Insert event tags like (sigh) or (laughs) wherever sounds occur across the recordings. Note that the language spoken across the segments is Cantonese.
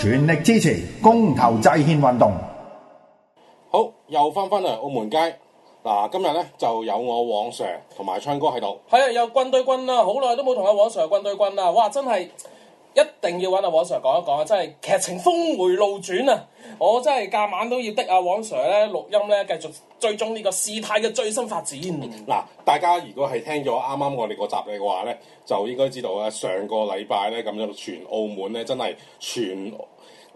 全力支持公投制憲運動。好，又翻返嚟澳門街。嗱、啊，今日咧就有我黃 Sir 同埋鏘哥喺度。係啊，棍棍有軍對軍啦，好耐都冇同阿黃 Sir 軍對軍啦。哇，真係一定要揾阿黃 Sir 講一講啊！真係劇情峰回路轉啊！我真係夾晚都要的阿黃 Sir 咧錄音咧，繼續追蹤呢個事態嘅最新發展。嗱、嗯，大家如果係聽咗啱啱我哋個集嘅話咧，就應該知道咧，上個禮拜咧咁樣全澳門咧真係全。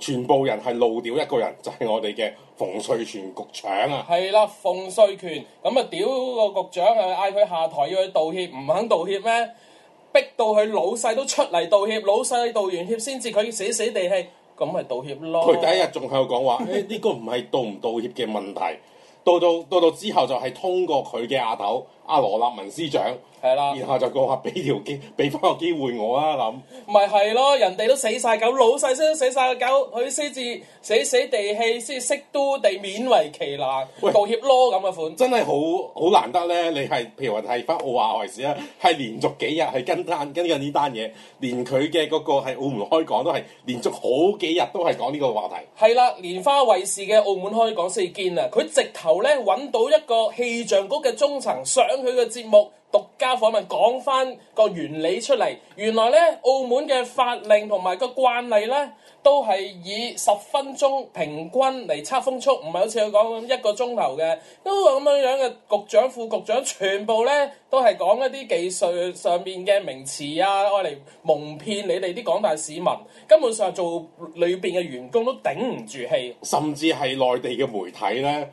全部人係怒屌一個人，就係、是、我哋嘅馮瑞權局長啊！係啦，馮瑞權咁啊屌個局長，又嗌佢下台，要去道歉，唔肯道歉咩？逼到佢老細都出嚟道歉，老細道完歉先至，佢死死地氣，咁咪道歉咯！佢第一日仲喺度講話，誒呢、 (laughs) 哎這個唔係道唔道歉嘅問題，到到到到之後就係通過佢嘅阿頭阿羅立文司長。係啦，然後就講話俾條機，俾翻個機會我啊諗，咪係咯，人哋都死晒狗，老細先死晒個狗，佢先至死死,死,死地氣先識都地勉為其難，喂道歉囉咁嘅款，真係好好難得咧！你係譬如話係翻澳亞衞視啊，係連續幾日係跟單跟緊呢單嘢，連佢嘅嗰個係澳門開講都，都係連續好幾日都係講呢個話題。係啦，蓮花衞視嘅澳門開講四件啊，佢直頭咧揾到一個氣象局嘅中層上佢嘅節目。獨家訪問講翻個原理出嚟，原來咧澳門嘅法令同埋個慣例咧，都係以十分鐘平均嚟測風速，唔係好似佢講咁一個鐘頭嘅。都咁樣樣嘅局長、副局長，全部咧都係講一啲技術上面嘅名詞啊，愛嚟蒙騙你哋啲廣大市民，根本上做裏邊嘅員工都頂唔住氣，甚至係內地嘅媒體咧。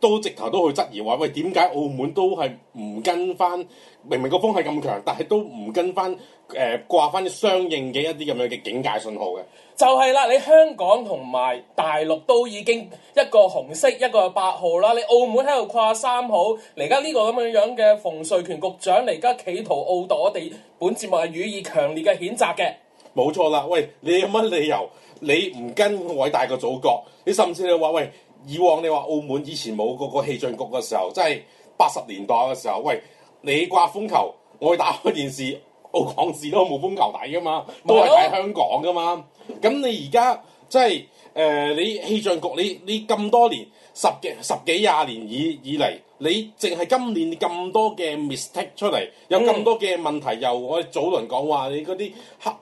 都直頭都去質疑話：喂，點解澳門都係唔跟翻？明明個風係咁強，但係都唔跟翻誒、呃、掛翻啲相應嘅一啲咁樣嘅警戒信號嘅。就係啦，你香港同埋大陸都已經一個紅色，一個八號啦。你澳門喺度跨三號，嚟家呢個咁嘅樣嘅馮瑞權局長嚟家企圖澳獨我哋。本節目係予以強烈嘅譴責嘅。冇錯啦，喂，你有乜理由你唔跟偉大嘅祖國？你甚至你話喂。以往你話澳門以前冇嗰個氣象局嘅時候，即係八十年代嘅時候，喂，你掛風球，我去打開電視，澳廣視都冇風球底噶嘛，都係喺香港噶嘛。咁 (laughs) 你而家即係誒，你氣象局你你咁多年十幾十幾廿年以以嚟，你淨係今年咁多嘅 mistake 出嚟，有咁多嘅問題，又、嗯、我哋早輪講話你嗰啲黑。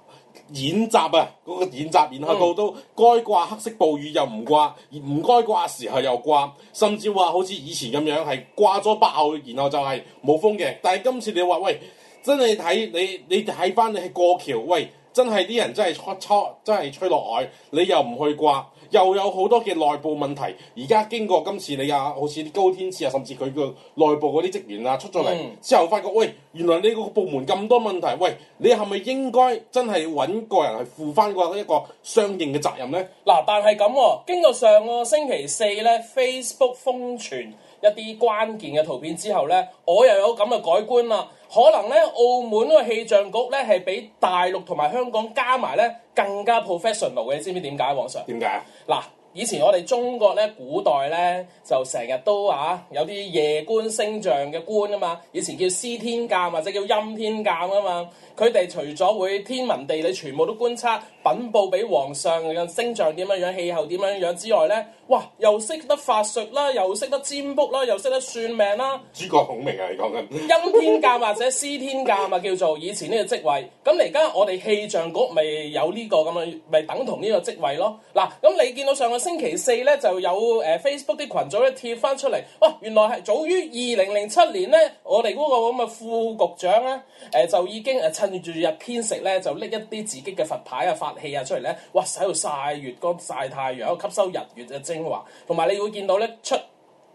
演習啊，嗰個演習，然後到到該掛黑色暴雨又唔掛，唔該掛時候又掛，甚至話好似以前咁樣係掛咗爆，然後就係冇風嘅。但係今次你話喂，真係睇你你睇翻你係過橋，喂，真係啲人真係吹，真係吹落海，你又唔去掛。又有好多嘅內部問題，而家經過今次你啊，好似高天賜啊，甚至佢個內部嗰啲職員啊出咗嚟、嗯、之後，發覺喂，原來你個部門咁多問題，喂，你係咪應該真係揾個人去負翻個一個相應嘅責任呢？嗱，但係咁喎，經過上個星期四呢 Facebook 瘋傳。一啲關鍵嘅圖片之後呢，我又有咁嘅改觀啦。可能呢，澳門嗰個氣象局呢係比大陸同埋香港加埋呢更加 professional 嘅，你知唔知點解啊？黃 Sir，點解？嗱。以前我哋中國咧，古代咧，就成日都啊有啲夜觀星象嘅官啊嘛，以前叫司天監或者叫陰天監啊嘛，佢哋除咗會天文地理全部都觀察，稟報俾皇上嘅星象點樣樣，氣候點樣樣之外咧，哇又識得法術啦，又識得占卜啦，又識得算命啦。諸葛孔明啊，你講緊 (laughs) 陰天監或者司天監啊，叫做以前呢個職位。咁而家我哋氣象局咪有呢個咁樣，咪等同呢個職位咯。嗱，咁你見到上？星期四咧，就有誒 Facebook 啲群組咧貼翻出嚟，哇！原來係早於二零零七年咧，我哋嗰個咁嘅副局長咧，誒、呃、就已經誒趁住日偏食咧，就拎一啲自己嘅佛牌啊、法器啊出嚟咧，哇！喺度曬月光、曬太陽，吸收日月嘅精華，同埋你會見到咧出。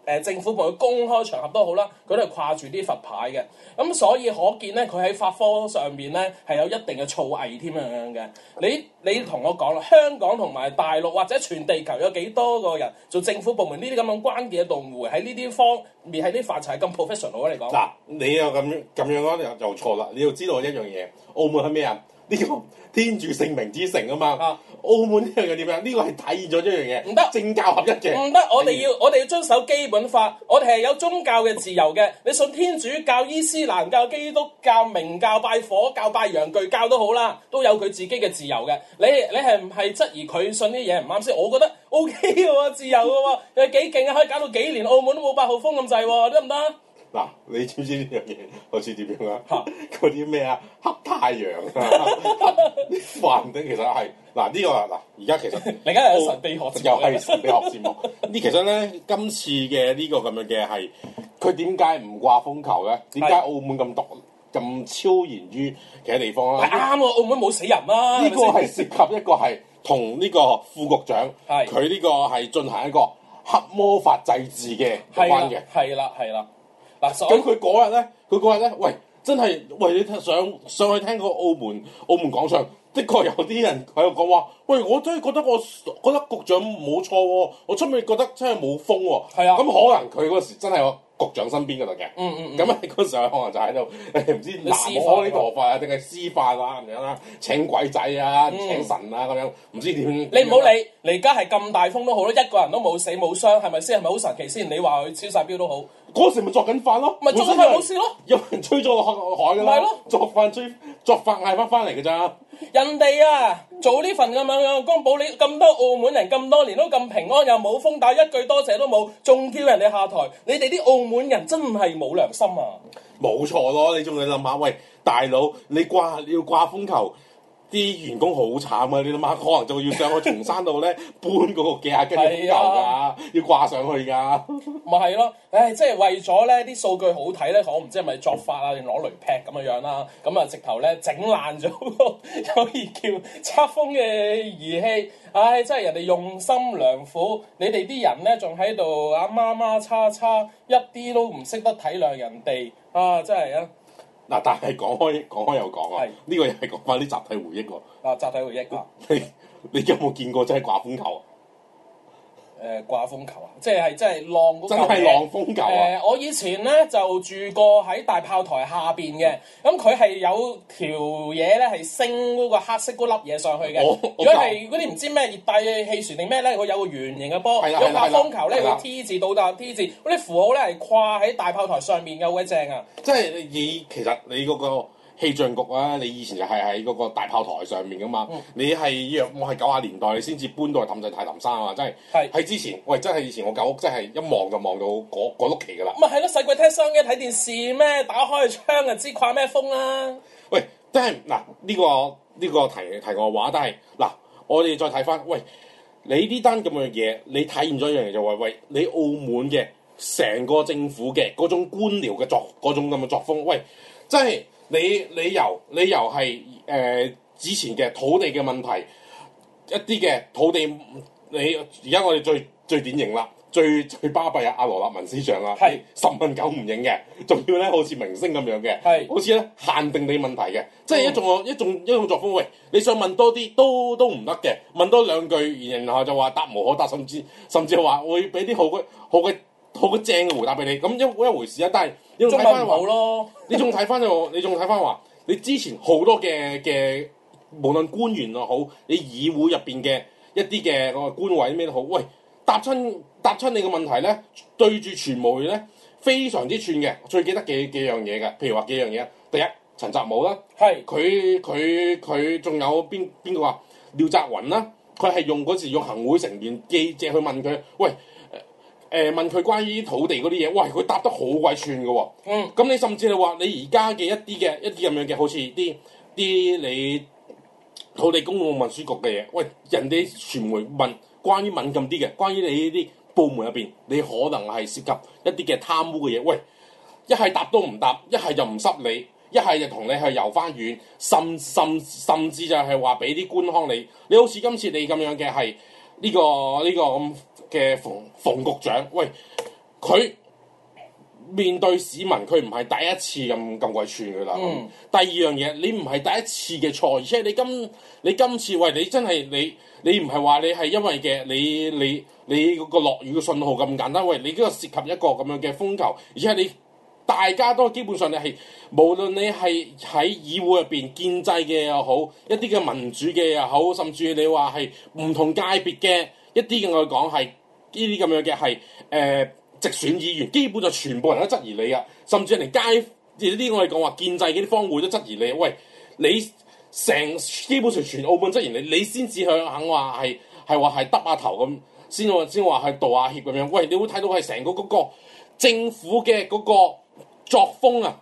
誒政府部門公開場合都好啦，佢都係掛住啲佛牌嘅，咁所以可見咧，佢喺法科上面咧係有一定嘅造詣添啊咁樣嘅。你你同我講啦，香港同埋大陸或者全地球有幾多個人做政府部門呢啲咁樣關鍵嘅動會，喺呢啲方面喺啲範疇係咁 professional 嚟講？嗱、啊，你又咁咁樣咯，又又錯啦！你要知道一樣嘢，澳門係咩啊？呢個天主聖名之城啊嘛，啊澳門呢樣嘢點樣？呢、這個係體現咗一樣嘢，唔得政教合一嘅，唔得行。我哋要我哋要遵守基本法，我哋係有宗教嘅自由嘅。 (laughs) 你信天主教、伊斯蘭教、基督教明、明教、拜火教拜羊、拜陽具教都好啦，都有佢自己嘅自由嘅。你你係唔係質疑佢信啲嘢唔啱先？我覺得 O K 嘅喎，自由嘅喎，你幾勁啊？可以搞到幾年澳門都冇八號風咁滯，得唔得？嗱、啊，你知唔知呢樣嘢好似點樣啊？嗰啲咩啊？太陽，反正其實係嗱呢個嗱而家其實另家又神秘學澳又係神秘學節目 (laughs) 其實呢？其實咧今次嘅呢個咁樣嘅係，佢點解唔掛風球咧？點解澳門咁獨咁超然於其他地方啊？啱啊為，澳門冇死人啊！呢個係涉及一個係同呢個副局長，係佢呢個係進行一個黑魔法祭祀嘅關嘅，係啦係啦嗱。咁佢嗰日咧，佢嗰日咧，喂。真係，喂！你上上去聽個澳門澳門講場，的確有啲人喺度講話，喂！我真係覺得我覺得局長冇錯喎，我出面覺得真係冇風喎。係啊，咁可能佢嗰時真係我局長身邊嗰度嘅。嗯嗯。咁啊，嗰、嗯嗯、時可能就喺度，唔知拿火呢個佛啊，定係施法啊咁樣啦、啊，請鬼仔啊，嗯、請神啊咁樣，樣，唔知點。你唔好理，你而家係咁大風都好啦，一個人都冇死冇傷，係咪先？係咪好神奇先？你話佢超晒標都好。嗰時咪作緊飯咯，咪作緊飯冇事咯，有人吹咗落海海嘅啦，作飯追作飯嗌翻翻嚟嘅咋？人哋啊，做呢份咁樣嘅公保你咁多澳門人咁多年都咁平安，又冇風打，一句多謝都冇，仲叫人哋下台，你哋啲澳門人真係冇良心啊！冇錯咯，你仲你諗下，喂大佬，你掛你要掛風球？啲員工好慘啊！你諗下，可能就要上個重山度咧 (laughs) 搬嗰個幾廿斤都有㗎，啊、要掛上去㗎。咪係咯，誒、哎，即、就、係、是、為咗咧啲數據好睇咧，我唔知係咪作法啊，定攞雷劈咁嘅樣啦。咁啊，直頭咧整爛咗、那個可以 (laughs) 叫測風嘅儀器。唉、哎，真、就、係、是、人哋用心良苦，你哋啲人咧仲喺度啊，媽媽叉叉，一啲都唔識得體諒人哋。啊，真、就、係、是、啊！但係講開講開又講啊，呢個又係講返啲集體回憶喎。集體回憶 (laughs) 你，你你有冇見過真係掛風球啊？誒掛、呃、風球啊，即係即係浪，真係浪風球啊！呃、我以前咧就住過喺大炮台下邊嘅，咁佢係有條嘢咧係升嗰個黑色嗰粒嘢上去嘅。哦、如果係嗰啲唔知咩熱帶氣旋定咩咧，佢有個圓形嘅波，如果掛風球咧，佢 T 字到達 T 字，嗰啲符號咧係跨喺大炮台上面，好鬼正啊！即係你以其實你嗰、那個。氣象局啊，你以前就係喺嗰個大炮台上面噶嘛？嗯、你係若我係九十年代，你先至搬到去氹仔太林山啊嘛，真係。係喺是之前，喂，真係以前我舊屋真係一望就望到嗰碌、那個、旗噶啦。咁啊係咯，細鬼聽雙機睇電視咩？打開窗就知跨咩風啊？喂，但係嗱呢個呢、這個提提外話，但係嗱我哋再睇翻，喂你呢單咁嘅嘢，你體驗咗一樣嘢就係、是、喂，你澳門嘅成個政府嘅嗰種官僚嘅作嗰種咁嘅作風，喂，真係。你理由理由係誒、呃、之前嘅土地嘅問題，一啲嘅土地你而家我哋最最典型啦，最最巴閉啊阿羅立文思想啦，係是十問九唔應嘅，仲要咧好似明星咁樣嘅，係是好似咧限定你問題嘅，即係一種、嗯、一種一種作風。喂，你想問多啲都都唔得嘅，問多兩句然後就話答無可答，甚至甚至話會俾啲好嘅。好嘅。好正嘅回答俾你，咁一一,一回事啊！但係，你仲睇翻話咯？你仲睇翻我？ (laughs) 你仲睇翻話？你之前好多嘅嘅，無論官員又好，你議會入邊嘅一啲嘅個官位咩都好，喂，答親答親你嘅問題咧，對住傳媒咧，非常之串嘅。最記得幾幾樣嘢嘅，譬如話幾樣嘢。第一，陳澤武啦，係佢佢佢，仲有邊邊個啊？廖澤雲啦，佢係用嗰時用行會成員記者去問佢，喂。誒問佢關於土地嗰啲嘢，喂，佢答得好鬼串嘅喎、哦。嗯。咁你甚至話你話你而家嘅一啲嘅一啲咁樣嘅，好似啲啲你土地工務運輸局嘅嘢，喂！人哋傳媒問關於敏感啲嘅，關於你呢啲部門入邊，你可能係涉及一啲嘅貪污嘅嘢，喂！一係答都唔答，一係就唔濕你，一係就同你去遊花園，甚甚甚至就係話俾啲官腔你，你好似今次你咁樣嘅係呢個呢、這個咁。這個嘅馮馮局長，喂，佢面對市民佢唔係第一次咁咁鬼串噶啦。嗯、第二樣嘢，你唔係第一次嘅錯，而且你今你今次喂，你真係你你唔係話你係因為嘅你你你嗰個落雨嘅信號咁簡單，喂，你呢個涉及一個咁樣嘅風球，而且你大家都基本上你係無論你係喺議會入邊建制嘅又好，一啲嘅民主嘅又好，甚至你話係唔同界別嘅一啲嘅我講係。呢啲咁樣嘅係，誒、呃、直選議員，基本就全部人都質疑你啊，甚至係連街啲我哋講話建制嗰啲方會都質疑你。喂，你成基本上全澳門質疑你，你先至向肯話係係話係耷下頭咁，先話先話去道下歉咁樣。喂，你會睇到係成個嗰個政府嘅嗰個作風啊，啊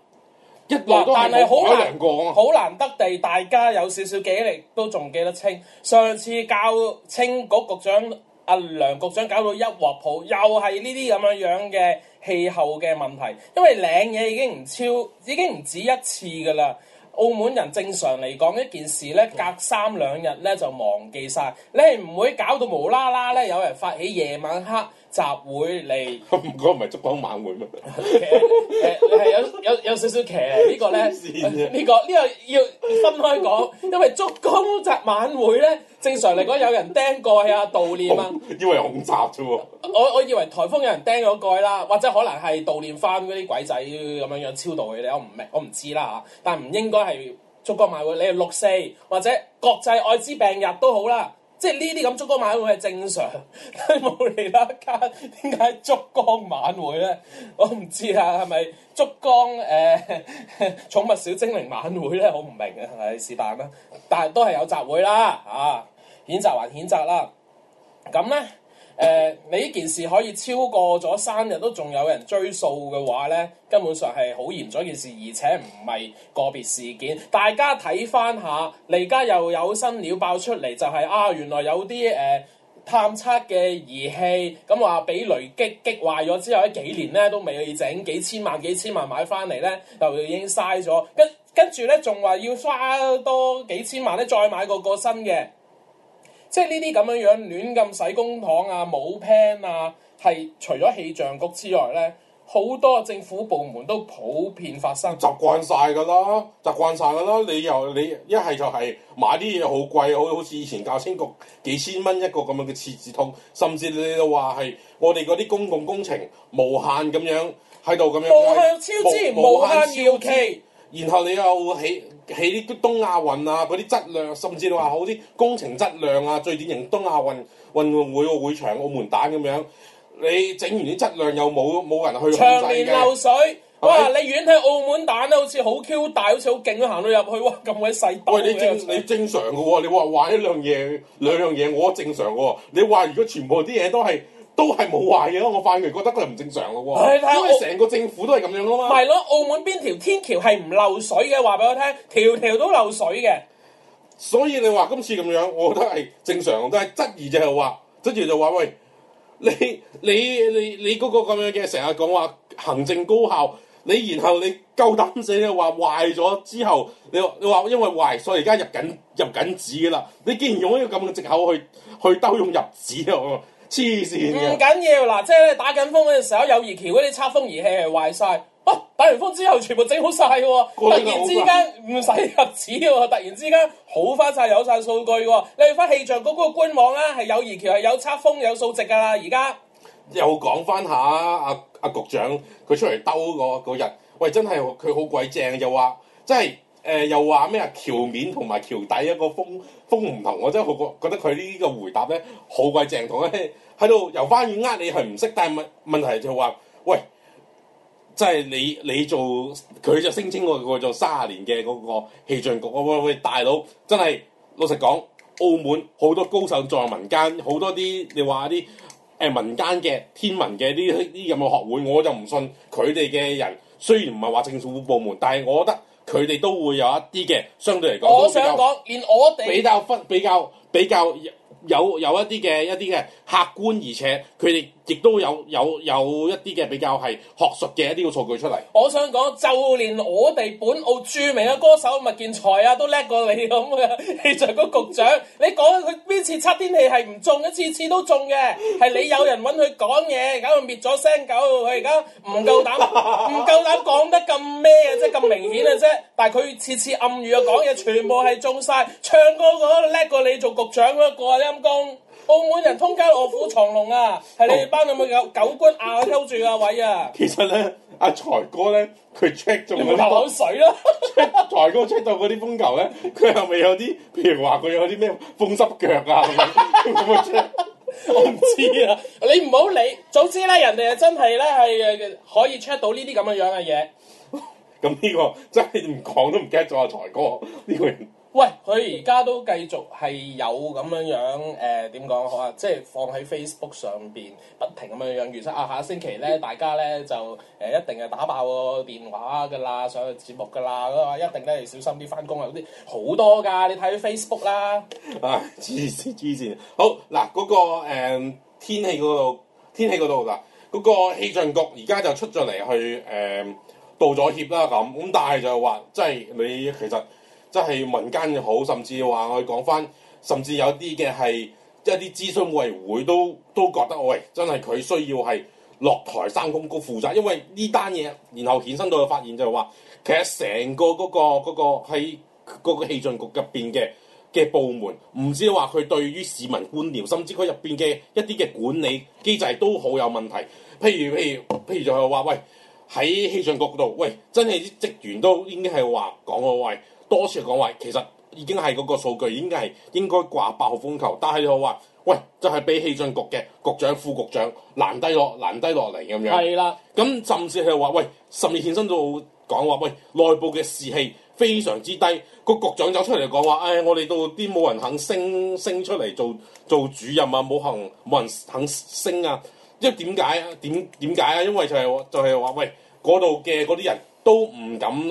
一來都係好難講，好、啊、難得地大家有少少記憶力都仲記得清。上次教青局局長。阿梁局長搞到一鑊泡，又係呢啲咁樣樣嘅氣候嘅問題，因為領嘢已經唔超，已經唔止一次噶啦。澳門人正常嚟講，一件事咧，隔三兩日咧就忘記晒，你係唔會搞到無啦啦咧，有人發起夜晚黑。集會嚟，咁講唔係燭光晚會咩？你係、呃、有有有少少騎呢個咧？呢、這個呢、這個這個要分開講，因為燭光集晚會咧，正常嚟講有人釘蓋啊、悼念啊，因為恐襲啫喎。我我以為颱風有人釘咗蓋啦，或者可能係悼念翻嗰啲鬼仔咁樣樣超度佢哋。我唔明，我唔知啦吓，但唔應該係燭光晚會。你係六四或者國際愛滋病日都好啦。即係呢啲咁燭光晚會係正常，無理啦家點解燭光晚會咧？我唔知啦，係咪燭光誒寵物小精靈晚會咧？我唔明啊，係咪是但啦。但係都係有集會啦，啊，譴責還譴責啦，咁咧。誒、呃，你呢件事可以超過咗三日都仲有人追訴嘅話咧，根本上係好嚴重一件事，而且唔係個別事件。大家睇翻下，嚟家又有新料爆出嚟，就係、是、啊，原來有啲誒、呃、探測嘅儀器咁話俾雷擊擊壞咗之後，喺幾年咧都未整，幾千萬幾千萬買翻嚟咧，就已經嘥咗。跟跟住咧，仲話要花多幾千萬咧，再買個個新嘅。即係呢啲咁樣樣亂咁使公帑啊、冇 plan 啊，係除咗氣象局之外咧，好多政府部門都普遍發生。習慣晒㗎啦，習慣晒㗎啦！你又你一係就係買啲嘢好貴，好好似以前教青局幾千蚊一個咁樣嘅廁紙筒，甚至你又話係我哋嗰啲公共工程無限咁樣喺度咁樣無限超支、無限叫期。然後你又起起啲東亞運啊，嗰啲質量，甚至你話好啲工程質量啊，最典型東亞運運動會個會場澳門蛋咁樣，你整完啲質量又冇冇人去？長年漏水吧哇！你遠睇澳門蛋都好似好 Q 大，好似好勁，行到入去哇咁鬼細。喂，你正你正常嘅喎、啊，你話玩一樣嘢兩樣嘢， (laughs) 樣我正常喎、啊。你話如果全部啲嘢都係。都係冇壞嘅咯，我反而覺得佢唔正常咯喎，的因為成個政府都係咁樣啊嘛。係咯，澳門邊條天橋係唔漏水嘅？話俾我聽，條條都漏水嘅。所以你話今次咁樣，我覺得係正常，都係質疑就係話，跟住就話喂，你你你你嗰個咁樣嘅，成日講話行政高效，你然後你夠膽死你話壞咗之後，你你話因為壞，所以而家入緊入緊紙噶啦，你既然用呢個咁嘅借口去去兜用入紙啊！黐線！唔緊要嗱，即係打緊風嗰陣時候，友誼橋嗰啲測風儀器係壞晒。哦、啊，打完風之後全部整好晒喎，突然之間唔使入紙喎，突然之間好返晒，有晒數據喎。你翻氣象局嗰個官網啦，係友誼橋係有測風有數值噶啦，而家又講翻下阿阿、啊啊啊、局長佢出嚟兜嗰日，喂，真係佢好鬼正，又話即係誒，又話咩啊？橋面同埋橋底一個風。風唔同，我真係好覺覺得佢呢個回答咧，好鬼正，同咧喺度遊花園呃，你係唔識，但係問問題就話、是、喂，即、就、係、是、你你做佢就聲稱我我做卅年嘅嗰個氣象局，喂喂大佬，真係老實講，澳門好多高手在民間，好多啲你話啲誒民間嘅天文嘅啲啲咁嘅學會，我就唔信佢哋嘅人，雖然唔係話政府部門，但係我覺得。佢哋都會有一啲嘅，相對嚟講，我想講，連我哋比較比較比較有有，有一啲嘅一啲嘅客觀，而且佢哋。亦都有有有一啲嘅比較係學術嘅一啲嘅數據出嚟。我想講，就連我哋本澳著名嘅歌手麥建才啊，都叻過你咁嘅你在個局長， (laughs) 你講佢邊次測天氣係唔中，一次次都中嘅，係 (laughs) 你有人揾佢講嘢搞到滅咗聲狗，佢而家唔夠膽唔夠膽講得咁咩即係啫，咁明顯嘅啫。但係佢次次暗語啊講嘢，全部係中晒， (laughs) 唱歌嗰個都叻過你做局長咯、嗰個，過陰公。澳門人通街臥虎藏龍啊，係你哋班咁嘅狗狗骨壓喺住啊，我位啊！其實咧，阿、啊、財哥咧，佢 check 仲你咪水咯。財 (laughs) 哥 check 到嗰啲風球咧，佢係咪有啲？譬如話佢有啲咩風濕腳啊？我唔知啊， (laughs) 你唔好理。早知咧，人哋啊真係咧係可以 check 到呢啲咁嘅樣嘅嘢。咁呢、 (laughs) 這個真係唔講都唔驚咗阿財哥呢、這個喂，佢而家都繼續係有咁樣樣誒點講好啊？即係放喺 Facebook 上邊，不停咁樣樣預測啊！下星期咧，大家咧就誒、呃、一定係打爆個電話噶啦，上去節目噶啦、啊、一定咧要小心啲翻工啊！啲好多噶，你睇 Facebook 啦啊！黐線黐線，好嗱嗰、那個天氣嗰度，天氣嗰度嗱，嗰、那個氣象局而家就出咗嚟去誒、嗯、道咗歉啦咁。咁但係就話，即、就、係、是、你其實。即係民間又好，甚至話我哋講翻，甚至有啲嘅係一啲諮詢委員會都都覺得，喂，真係佢需要係落台山公局負責，因為呢單嘢，然後衍生到嘅發現就係話，其實成個嗰個嗰個喺嗰個氣象局入邊嘅嘅部門，唔止話佢對於市民官僚，甚至佢入邊嘅一啲嘅管理機制都好有問題。譬如譬如譬如就係話，喂喺氣象局度，喂，真係啲職員都已經係話講我喂。多次講話，其實已經係嗰個數據已經係應該掛八號風球，但係又話，喂，就係、是、俾氣象局嘅局長、副局長難低落、難低落嚟咁樣。係啦的，咁甚至係話，喂，十二現身度講話，喂，內部嘅士氣非常之低，個局長走出嚟講話，唉、哎，我哋度啲冇人肯升升出嚟做做主任啊，冇肯冇人肯升啊，因為點解啊？點點解啊？因為就係、是、就係、是、話，喂，嗰度嘅嗰啲人。都唔敢去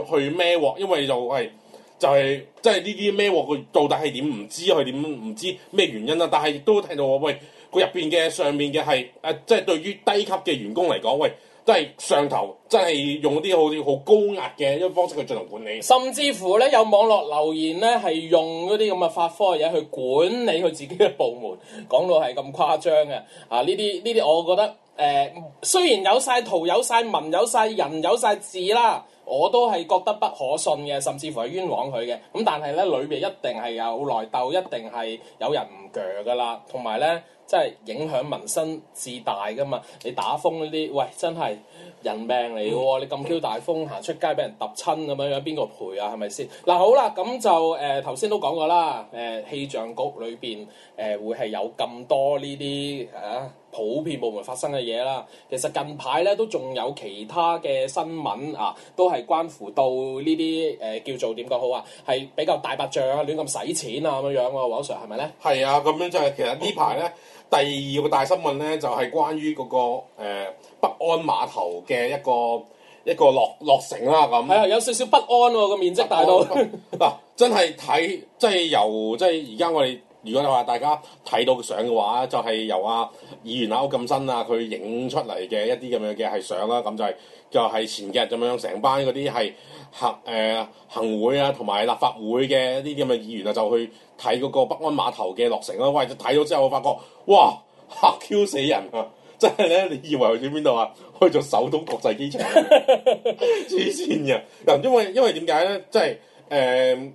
去孭鑊，因為就係、是、就係即係呢啲孭鑊佢到底係點，唔知佢點，唔知咩原因啦、啊。但係亦都聽到我喂，佢入邊嘅上面嘅係誒，即、啊、係、就是、對於低級嘅員工嚟講喂。都係上頭，真係用啲好似好高壓嘅一種方式去進行管理，甚至乎咧有網絡留言咧係用嗰啲咁嘅法科嘢去管理佢自己嘅部門，講到係咁誇張嘅，啊呢啲呢啲我覺得，誒、呃、雖然有晒圖有晒文有晒人有晒字啦，我都係覺得不可信嘅，甚至乎係冤枉佢嘅，咁、嗯、但係咧裏面一定係有內鬥，一定係有人唔鋸噶啦，同埋咧。即係影響民生至大噶嘛？你打風呢啲，喂，真係人命嚟嘅喎！你咁 Q 大風行出街，俾人揼親咁樣樣，邊個賠啊？係咪先？嗱、啊，好啦，咁就誒頭先都講過啦，誒、呃、氣象局裏邊誒會係有咁多呢啲啊。普遍部門發生嘅嘢啦，其實近排咧都仲有其他嘅新聞啊，都係關乎到呢啲誒叫做點講好啊，係比較大白象啊，亂咁使錢啊咁樣樣喎，Wong Sir 係咪咧？係啊，咁樣、啊、就係、是、其實呢排咧第二個大新聞咧就係、是、關於、那個個、呃、北安碼頭嘅一個一個落落成啦咁。係啊，有少少不安喎、啊，個面積大到嗱 (laughs) 啊，真係睇，即係由即係而家我哋。如果你話大家睇到嘅相嘅話，就係、是、由阿、啊、議員阿歐錦新啊，佢影出嚟嘅一啲咁樣嘅係相啦。咁就係、是、就係、是、前幾日咁樣，成班嗰啲係行誒行會啊，同埋立法會嘅呢啲咁嘅議員啊，就去睇嗰個北安碼頭嘅落成啦、啊。喂，睇咗之後我發覺，哇嚇，Q 死人啊！即係咧，你以為去咗邊度啊？去咗首都國際機場，黐線嘅。嗱，因為因為點解咧？即係誒，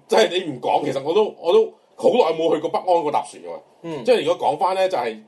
即、呃、係你唔講，其實我都我都。我都好耐冇去過北安個搭船㗎、啊、嘛，即係、嗯、如果講翻咧，就係、是、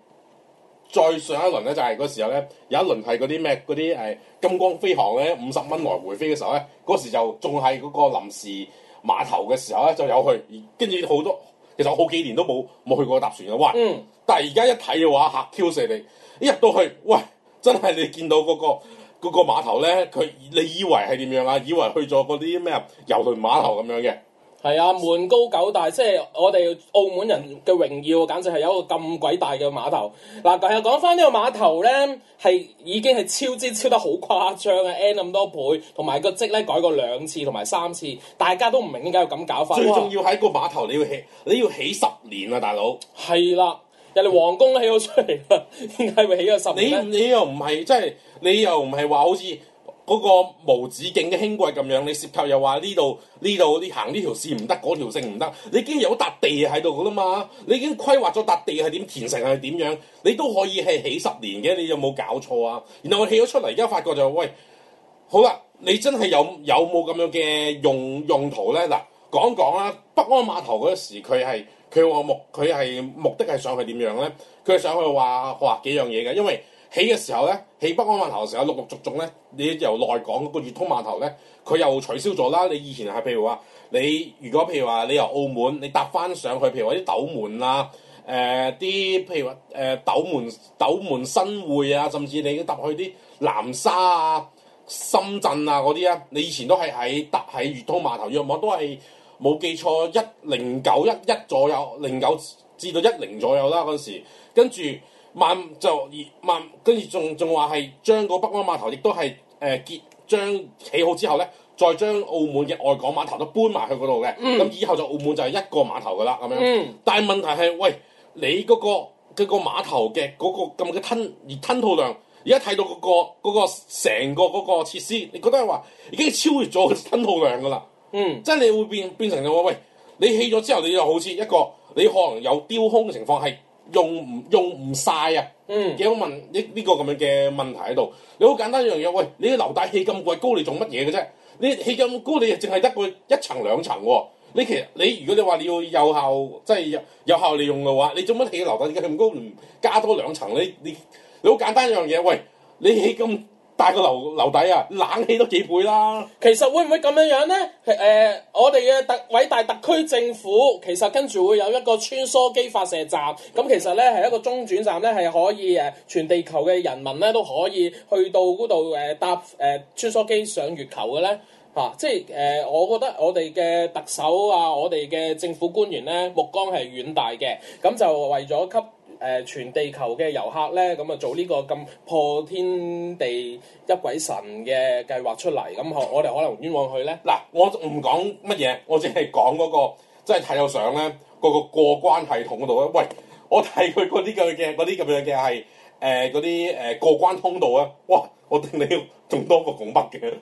再上一輪咧，就係、是、嗰時候咧，有一輪係嗰啲咩嗰啲誒金光飛航咧五十蚊來回飛嘅時候咧，嗰時就仲係嗰個臨時碼頭嘅時候咧就有去，跟住好多其實我好幾年都冇冇去過搭船嘅，喂！嗯、但係而家一睇嘅話嚇，嚇，挑死你！一入到去，喂，真係你見到嗰、那個嗰、那個碼頭咧，佢你以為係點樣啊？以為去咗嗰啲咩遊輪碼頭咁樣嘅。係啊，門高九大，即係我哋澳門人嘅榮耀，簡直係有一個咁鬼大嘅碼頭。嗱、啊，但係講翻呢個碼頭咧，係已經係超支超得好誇張啊！N 咁多倍，同埋個積咧改過兩次同埋三次，大家都唔明點解要咁搞法。最重要喺個碼頭，你要起，你要起十年啊，大佬。係啦，人哋皇宮都起咗出嚟啦，點解會起咗十年你？你又、即係、你又唔係，即係你又唔係話好似。嗰個無止境嘅輕軌咁樣，你涉及又話呢度呢度，你行呢條線唔得，嗰條線唔得，你已經有笪地喺度噶啦嘛，你已經規劃咗笪地係點填成係點樣，你都可以係起十年嘅，你有冇搞錯啊？然後我起咗出嚟，而家發覺就喂，好啦，你真係有有冇咁樣嘅用用途咧？嗱，講講啦，北安碼頭嗰時佢係佢話目佢係目的係想去點樣咧？佢想去話畫幾樣嘢嘅，因為。起嘅時候咧，起北安碼頭嘅時候，陸陸續續咧，你由內港個粵通碼頭咧，佢又取消咗啦。你以前係譬如話，你如果譬如話，你由澳門你搭翻上去，譬如話啲斗門啊，誒啲譬如話誒斗門、斗門新會啊，甚至你搭去啲南沙啊、深圳啊嗰啲啊，你以前都係喺搭喺粵通碼頭，若我都係冇記錯，一零九一一左右，零九至到一零左右啦嗰時，跟住，萬就二萬，跟住仲仲話係將個北安碼頭亦都係誒、呃、結將起好之後咧，再將澳門嘅外港碼頭都搬埋去嗰度嘅。咁、嗯、以後就澳門就係一個碼頭噶啦咁樣。嗯、但係問題係，喂，你嗰、嗰個嗰、嗰個碼頭嘅嗰、嗰個咁嘅吞而吞吐量，而家睇到嗰個成、嗰個嗰、嗰個嗰個、個,個設施，你覺得係話已經超越咗吞吐量噶啦。嗯，即係你會變變成就話，喂，你起咗之後，你就好似一個你可能有丟空嘅情況係。用唔用唔晒啊？幾好、嗯、問呢呢、呢個咁樣嘅問題喺度。你好簡單一樣嘢，喂，你啲樓底氣咁貴高你做乜嘢嘅啫？你氣咁高，你淨係得個一層兩層喎。你其實你如果你話你要有效即係、就是、有，有效利用嘅話，你做乜起樓底咁高唔加多兩層？你你你好簡單一樣嘢，喂，你起咁。大個樓樓底啊，冷氣都幾倍啦！其實會唔會咁樣樣呢？誒、呃，我哋嘅特偉大特區政府其實跟住會有一個穿梭機發射站，咁其實呢，係一個中轉站呢係可以誒，全地球嘅人民呢都可以去到嗰度誒搭誒、呃、穿梭機上月球嘅呢。嚇、啊，即係、呃、我覺得我哋嘅特首啊，我哋嘅政府官員呢，目光係遠大嘅，咁就為咗給。誒、呃、全地球嘅遊客咧，咁、嗯、啊做呢個咁破天地一鬼神嘅計劃出嚟，咁、嗯、我我哋可能冤枉佢咧。嗱，我唔講乜嘢，我淨係講嗰、那個嗰個，即係睇到相咧，嗰、嗰個過關系統嗰度咧。喂，我睇佢嗰啲咁嘅嗰啲咁樣嘅係誒嗰啲誒過關通道咧。哇，我頂你仲多過拱北嘅。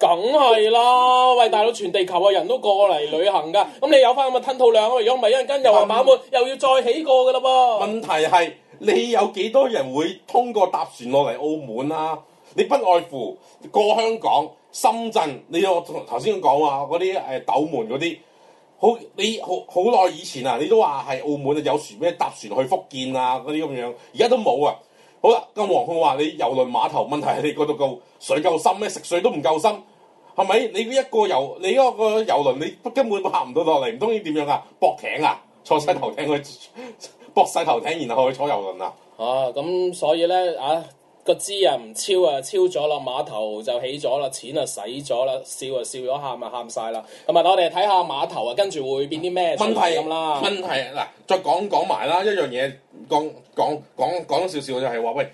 梗係啦，喂，大佬，全地球嘅人都過嚟旅行噶，咁你有翻咁嘅吞吐量，啊，如果唔係一陣間，又話飽滿，又要再起過嘅嘞噃。問題係你有幾多人會通過搭船落嚟澳門啊？你不外乎過香港、深圳，你有頭先講話嗰啲誒斗門嗰啲，好你好好耐以前啊，你都話係澳門有船咩搭船去福建啊嗰啲咁樣，而家都冇啊。好啦，咁黃浩話你遊輪碼頭問題係你嗰度個水夠深咩？食水都唔夠深，係咪？你一個遊你嗰個遊輪你根本泊唔到落嚟，唔通你點樣啊？駁艇啊，坐晒頭艇去駁晒頭艇，然後去坐遊輪啊？哦、啊，咁所以咧啊～個資啊唔超啊，超咗啦，碼頭就起咗啦，錢啊使咗啦，笑啊笑咗，喊啊喊晒啦。咁啊，我哋睇下碼頭啊，跟住會，會變啲咩？問題啦，問題啊！嗱，再講講埋啦，一樣嘢講講講講少少就係話喂，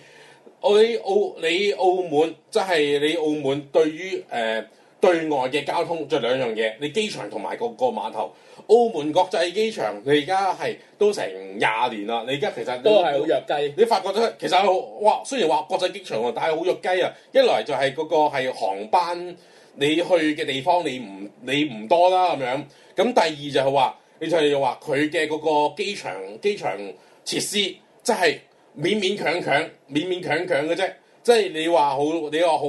我澳你澳門，即係你澳門對於誒。呃對外嘅交通，就係兩樣嘢，你機場同埋個個碼頭。澳門國際機場，你而家係都成廿年啦。你而家其實都係好弱雞。你發覺咗，其實好哇，雖然話國際機場，但係好弱雞啊！一來就係嗰個係航班，你去嘅地方你唔你唔多啦咁樣。咁第二就係話，你就係話佢嘅嗰個機場機場設施，即係勉勉強強，勉勉強強嘅啫。即係你話好，你話好。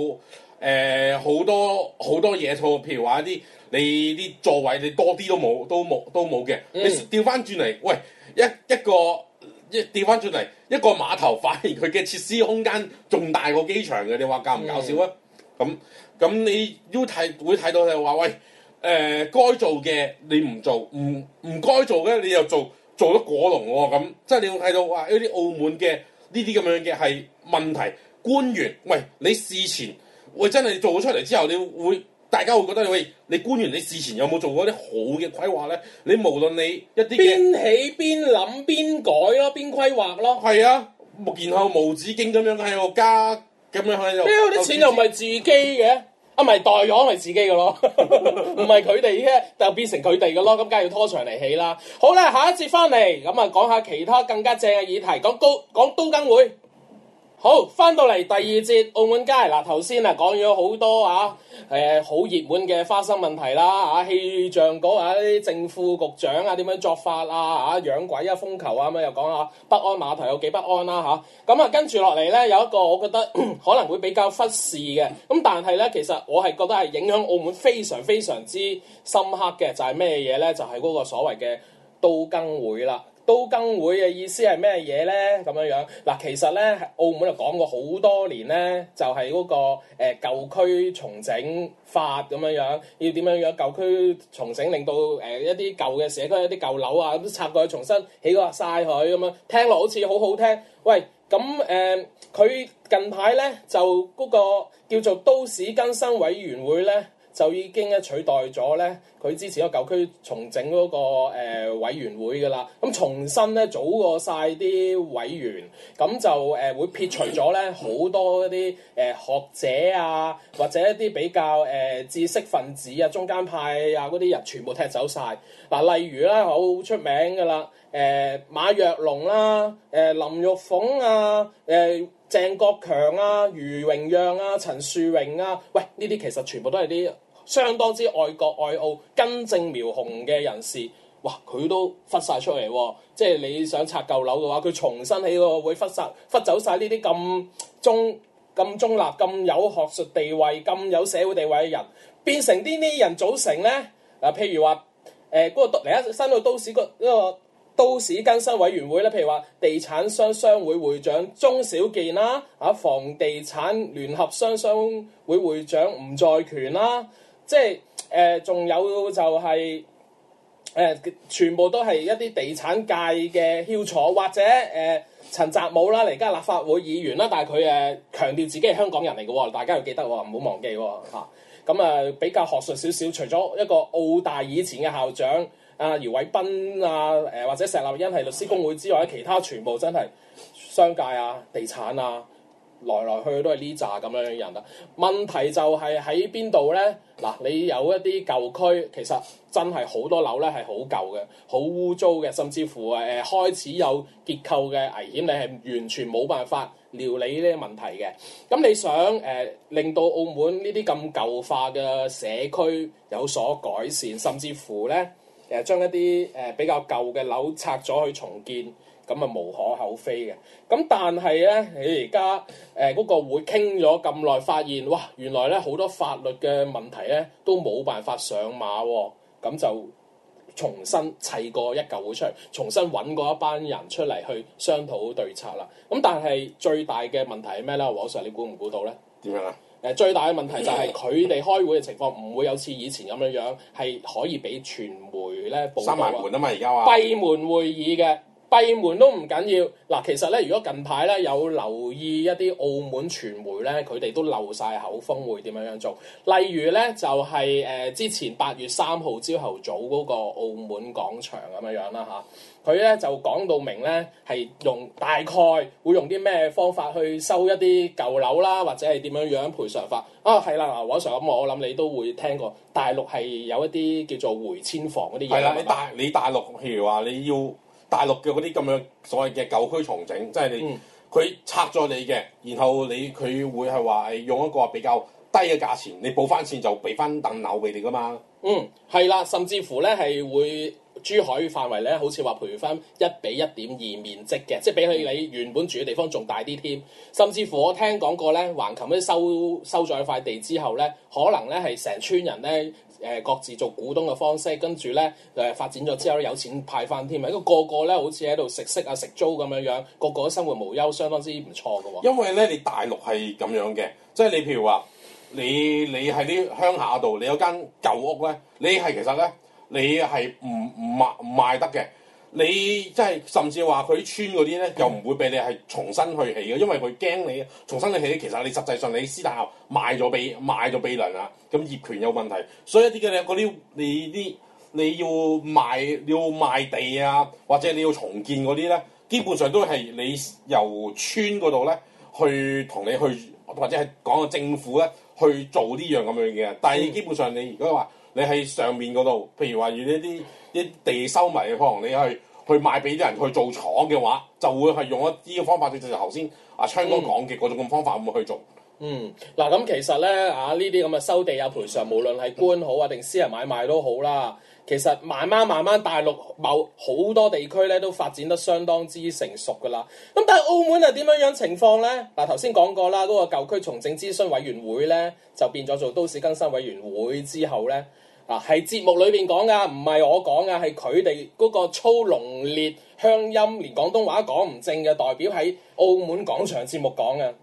誒好、呃、多好多嘢錯，譬如話一啲你啲座位你多啲都冇，都冇都冇嘅。嗯、你調翻轉嚟，喂一一個一調翻轉嚟，一個碼頭反而佢嘅設施空間仲大過機場嘅，你話搞唔搞笑啊？咁咁、嗯、你要睇會睇到佢話，喂誒、呃、該做嘅你唔做，唔唔該做嘅你又做，做咗過龍喎咁。即係你會睇到話，一啲澳門嘅呢啲咁樣嘅係問題官員，喂你事前。喂，真係做咗出嚟之後，你會大家會覺得喂，你官員你事前有冇做過啲好嘅規劃咧？你無論你一啲邊起邊諗邊改咯，邊規劃咯，係啊，然後無止境咁樣喺度加，咁樣喺度。屌，啲錢又唔係自己嘅， (laughs) 啊，咪代養係自己嘅咯，唔係佢哋嘅就變成佢哋嘅咯，咁梗係要拖長嚟起啦。好啦，下一節翻嚟咁啊，講下其他更加正嘅議題，講高講都更會。好，翻到嚟第二節澳門街嗱，頭先啊講咗好多啊，誒、呃、好熱門嘅花生問題啦，吓、啊、氣象局啊，啲政副局長啊點樣作法啊，吓養鬼啊風球啊咁又講下、啊、北安碼頭有幾不安啦吓，咁啊，啊，啊跟住落嚟咧，有一個我覺得可能會比較忽視嘅，咁、啊、但係咧，其實我係覺得係影響澳門非常非常之深刻嘅，就係咩嘢咧？就係、是、嗰個所謂嘅都更會啦。都更會嘅意思係咩嘢呢？咁樣樣嗱，其實呢，澳門就講過好多年呢，就係、是、嗰、那個誒舊區重整法咁樣樣，要點樣樣舊區重整，令到誒一啲舊嘅社區、一啲舊樓啊都拆過去重新起個晒佢咁樣，聽落好似好好聽。喂，咁誒佢近排呢，就嗰、那個叫做都市更新委員會呢。就已經咧取代咗咧佢支持個舊區重整嗰、那個、呃、委員會㗎啦，咁、嗯、重新咧組過晒啲委員，咁就誒、呃、會撇除咗咧好多一啲誒、呃、學者啊，或者一啲比較誒、呃、知識分子啊、中間派啊嗰啲人全部踢走晒。嗱、呃，例如咧好出名㗎啦，誒、呃、馬若龍啦、啊、誒、呃、林玉鳳啊、誒、呃、鄭國強啊、余榮讓啊、陳樹榮啊，喂呢啲其實全部都係啲。相當之愛國愛澳、根正苗紅嘅人士，哇！佢都忽晒出嚟喎。即係你想拆舊樓嘅話，佢重新起個會忽曬、忽走晒呢啲咁中咁中立、咁有學術地位、咁有社會地位嘅人，變成呢啲人組成咧。嗱、啊，譬如話，誒、呃、嗰、嗰個嚟一，新到都市嗰、嗰個都市更新委員會咧，譬如話地產商商會會長鍾小健啦，啊，房地產聯合商、商商會會、會長吳在權啦。啊即係誒，仲、呃、有就係、是、誒、呃，全部都係一啲地產界嘅翹楚，或者誒、呃、陳澤武啦，而家立法會議員啦，但係佢誒強調自己係香港人嚟嘅喎，大家要記得喎、哦，唔好忘記喎、哦、咁啊，啊，比較學術少少，除咗一個澳大以前嘅校長啊姚偉斌啊，誒、啊、或者石立恩係律師公會之外，其他全部真係商界啊、地產啊。來來去去都係呢扎咁樣嘅人啦。問題就係喺邊度咧？嗱，你有一啲舊區，其實真係好多樓咧係好舊嘅、好污糟嘅，甚至乎誒開始有結構嘅危險，你係完全冇辦法料理呢啲問題嘅。咁你想誒、呃、令到澳門呢啲咁舊化嘅社區有所改善，甚至乎咧誒將一啲誒、呃、比較舊嘅樓拆咗去重建。咁啊，無可厚非嘅。咁但係咧，你而家誒嗰個會傾咗咁耐，發現哇，原來咧好多法律嘅問題咧都冇辦法上馬喎、哦。咁、嗯、就重新砌過一舊會出嚟，重新揾過一班人出嚟去商討對策啦。咁、嗯、但係最大嘅問題係咩咧？黃 Sir，你估唔估到咧？點樣啊？誒，最大嘅問題就係佢哋開會嘅情況唔會有似以前咁樣樣，係可以俾傳媒咧報道啊！門閉門會議嘅。閉門都唔緊要嗱，其實咧，如果近排咧有留意一啲澳門傳媒咧，佢哋都漏晒口風，會點樣樣做？例如咧，就係、是、誒、呃、之前八月三號朝頭早嗰個澳門廣場咁樣樣啦嚇，佢、啊、咧就講到明咧係用大概會用啲咩方法去收一啲舊樓啦，或者係點樣樣賠償法啊？係啦，阿 s i 咁，我我諗你都會聽過大陸係有一啲叫做回遷房嗰啲嘢啦。啦，你大你大陸譬如話你要。大陸嘅嗰啲咁樣所謂嘅舊區重整，即係你佢、嗯、拆咗你嘅，然後你佢會係話用一個比較低嘅價錢，你補翻錢就俾翻棟樓俾你㗎嘛。嗯，係啦，甚至乎咧係會。珠海範圍咧，好似話賠翻一比一點二面積嘅，即係比起你原本住嘅地方仲大啲添。甚至乎我聽講過咧，橫琴啲收收咗一塊地之後咧，可能咧係成村人咧誒各自做股東嘅方式，跟住咧誒發展咗之後咧有錢派翻添啊！因為個個咧好似喺度食息啊，食租咁樣樣，個個都生活無憂，相當之唔錯㗎喎。因為咧，你大陸係咁樣嘅，即係你譬如話你你喺啲鄉下度，你有間舊屋咧，你係其實咧。你係唔唔賣唔賣得嘅？你即係甚至話佢啲村嗰啲咧，嗯、又唔會俾你係重新去起嘅，因為佢驚你重新去起。其實你實際上你私底下賣咗俾賣咗俾人啦，咁業權有問題，所以一啲嘅你啲你啲你要賣，你要，賣你要賣地啊，或者你要重建嗰啲咧，基本上都係你由村嗰度咧去同你去或者係講個政府咧去做呢樣咁樣嘅。但係基本上你如果話，嗯你喺上面嗰度，譬如話如呢啲啲地收埋嘅可能，你去去賣俾啲人去做廠嘅話，就會係用一啲方、就是、方法，就就頭先阿昌哥講嘅嗰種咁方法，會唔會去做？嗯，嗱咁其實咧啊，呢啲咁嘅收地呀賠償，無論係官好啊定私人買賣都好啦。其實慢慢慢慢，大陸某好多地區咧都發展得相當之成熟㗎啦。咁但係澳門係點樣樣情況咧？嗱、啊，頭先講過啦，嗰、那個舊區重整諮詢委員會咧，就變咗做都市更新委員會之後咧。啊，係節目裏面講噶，唔係我講噶，係佢哋嗰個粗濃烈鄉音，連廣東話講唔正嘅代表喺澳門廣場節目講噶。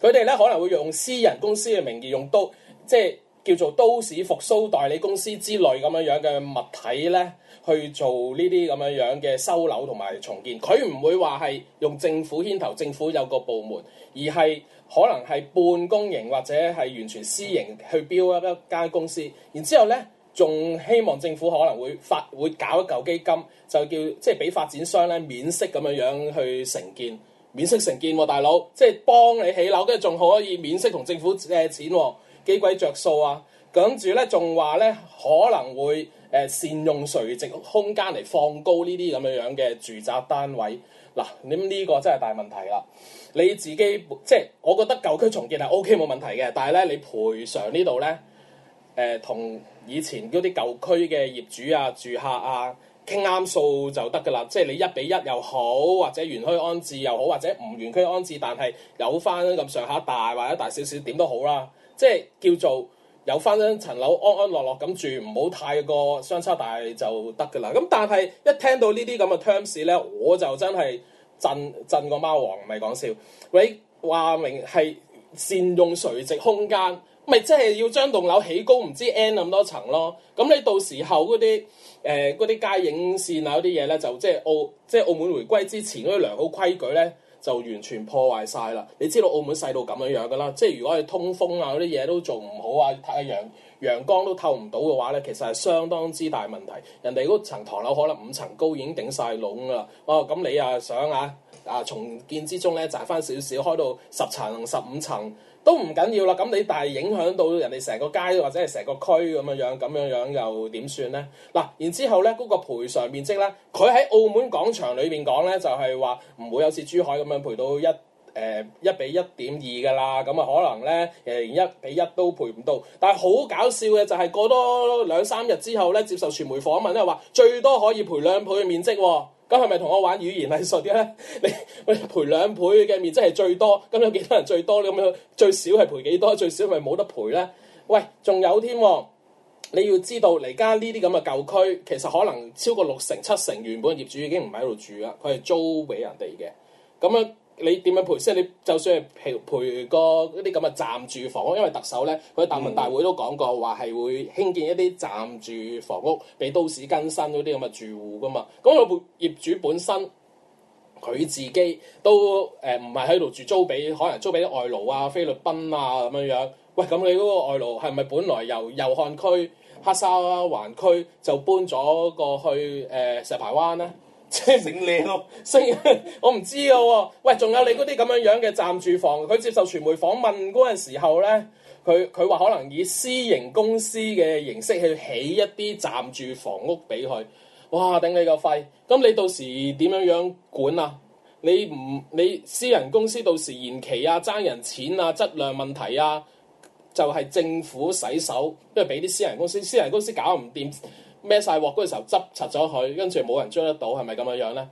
佢哋咧可能會用私人公司嘅名義，用都即係叫做都市復甦代理公司之類咁樣樣嘅物體咧，去做呢啲咁樣樣嘅收樓同埋重建。佢唔會話係用政府牽頭，政府有個部門，而係。可能係半公營或者係完全私營去標一間公司，然之後咧，仲希望政府可能會發會搞一嚿基金，就叫即係俾發展商咧免息咁樣樣去承建，免息承建喎、啊，大佬，即係幫你起樓，跟住仲可以免息同政府借錢、啊，幾鬼着數啊？跟住咧，仲話咧可能會誒、呃、善用垂直空間嚟放高呢啲咁樣樣嘅住宅單位，嗱，咁、這、呢個真係大問題啦！你自己即係，我覺得舊區重建係 OK 冇問題嘅，但係咧你賠償呢度咧，誒、呃、同以前嗰啲舊區嘅業主啊、住客啊傾啱數就得㗎啦。即係你一比一又好，或者原區安置又好，或者唔原區安置，但係有返咁上下大或者大少少點都好啦。即係叫做有返層樓安安樂樂咁住，唔好太過相差大就得㗎啦。咁但係一聽到呢啲咁嘅 terms 咧，我就真係～震震個貓王唔係講笑，你話明係善用垂直空間，咪即係要將棟樓起高唔知 N 咁多層咯。咁你到時候嗰啲誒、嗰啲街影線啊、嗰啲嘢咧，就即係澳、即係、就是、澳門回歸之前嗰啲良好規矩咧，就完全破壞晒啦。你知道澳門細到咁樣樣噶啦，即係如果係通風啊嗰啲嘢都做唔好啊，太陽。陽光都透唔到嘅話咧，其實係相當之大問題。人哋嗰層唐樓可能五層高已經頂曬籠啦。哦，咁你啊想啊啊重建之中咧賺翻少少，開到十層十五層都唔緊要啦。咁你但係影響到人哋成個街或者係成個區咁樣樣，咁樣樣又點算咧？嗱、啊，然之後咧嗰、那個賠償面積咧，佢喺澳門廣場裏面講咧，就係話唔會有似珠海咁樣賠到一。誒一、呃、比一點二嘅啦，咁啊可能咧誒一比一都賠唔到。但係好搞笑嘅就係過多兩三日之後咧，接受傳媒訪問咧話最多可以賠兩倍嘅面積。哦，咁係咪同我玩語言藝術嘅咧？你賠兩倍嘅面積係最多，咁有幾多人最多？咁樣最少係賠幾多？最少係咪冇得賠咧？喂，仲有添，你要知道嚟家呢啲咁嘅舊區，其實可能超過六成七成原本業主已經唔喺度住啦，佢係租俾人哋嘅，咁樣。你點樣賠先？你就算係賠賠個嗰啲咁嘅暫住房屋，因為特首咧，佢喺大民大會都講過話係會興建一啲暫住房屋俾都市更新嗰啲咁嘅住戶噶嘛。咁、嗰個業主本身佢自己都誒唔係喺度住租俾，可能租俾啲外勞啊、菲律賓啊咁樣樣。喂，咁你嗰個外勞係咪本來由祐漢區、黑沙環區就搬咗過去誒、呃、石排灣咧？即係整靚咯，所以我唔知啊喎，哦。喂，仲有你嗰啲咁樣樣嘅暫住房，佢接受傳媒訪問嗰陣時候呢，佢佢話可能以私營公司嘅形式去起一啲暫住房屋俾佢。哇，頂你個肺！咁你到時點樣樣管啊？你唔你私人公司到時延期啊，爭人錢啊，質量問題啊，就係、是、政府洗手，因為俾啲私人公司，私人公司搞唔掂。孭晒鑊嗰個時候執柒咗佢，跟住冇人追得到，係咪咁樣樣咧？